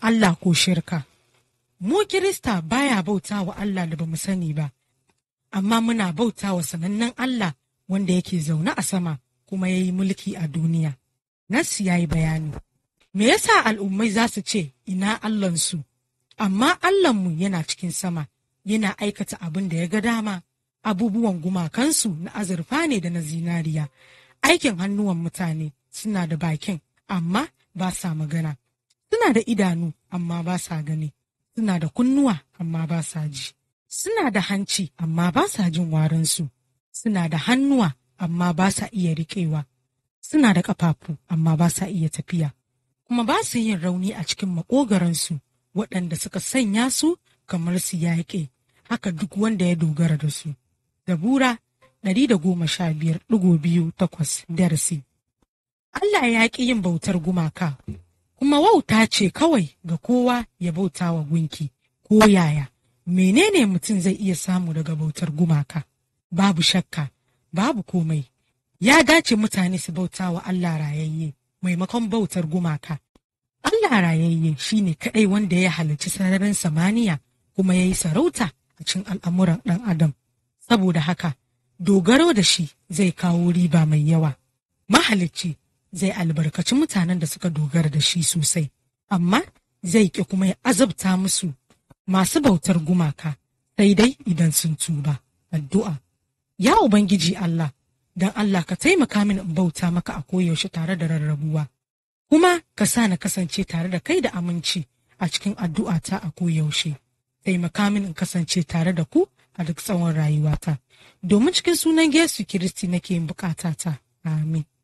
Allah ko shirka. Mu Kirista baya bauta wa Allah da bamu sani ba, amma muna bauta wa sanannen Allah wanda yake zaune a sama kuma ya yi mulki a duniya. Nassi ya yi bayani. Me yasa al'ummai za su ce ina Allahnsu, amma Allahnmu yana cikin sama, yana aikata abin da ya ga dama, abubuwan gumakansu na azurfa ne da na zinariya, aikin hannuwan mutane suna da bakin, amma ba sa magana. suna da idanu amma ba sa gani suna da kunnuwa amma ba sa ji suna da hanci amma ba sa jin warinsu suna da hannuwa amma ba sa iya riƙewa suna da ƙafafu amma ba sa iya tafiya kuma ba su yin rauni a cikin maƙogaransu waɗanda suka sanya su kamar su yaƙe haka duk wanda ya dogara da su Da ɗari goma sha biyar, biyu takwas darasi Allah ya ƙi yin bautar gumaka kuma wauta ce kawai ga kowa ya bauta wa gunki ko yaya menene mutum zai iya samu daga bautar gumaka babu shakka babu komai ya dace mutane su bauta wa Allah rayayye maimakon bautar gumaka Allah rayayye shine kadai wanda ya halarci sararin samaniya kuma ya yi sarauta a cikin al'amuran ɗan adam saboda haka dogaro da shi zai kawo riba mai yawa mahalicci zai albarkaci mutanen da suka dogara da shi sosai amma zai ƙi kuma ya azabta musu masu bautar gumaka sai dai idan sun tuba addu'a ya ubangiji Allah don Allah ka taimaka min in bauta maka a koyaushe tare da rarrabuwa kuma ka sa na kasance tare da kai da aminci a cikin addu'ata a koyaushe taimaka min in kasance tare da ku a duk tsawon rayuwata domin cikin sunan Yesu Kiristi nake yin ta. amin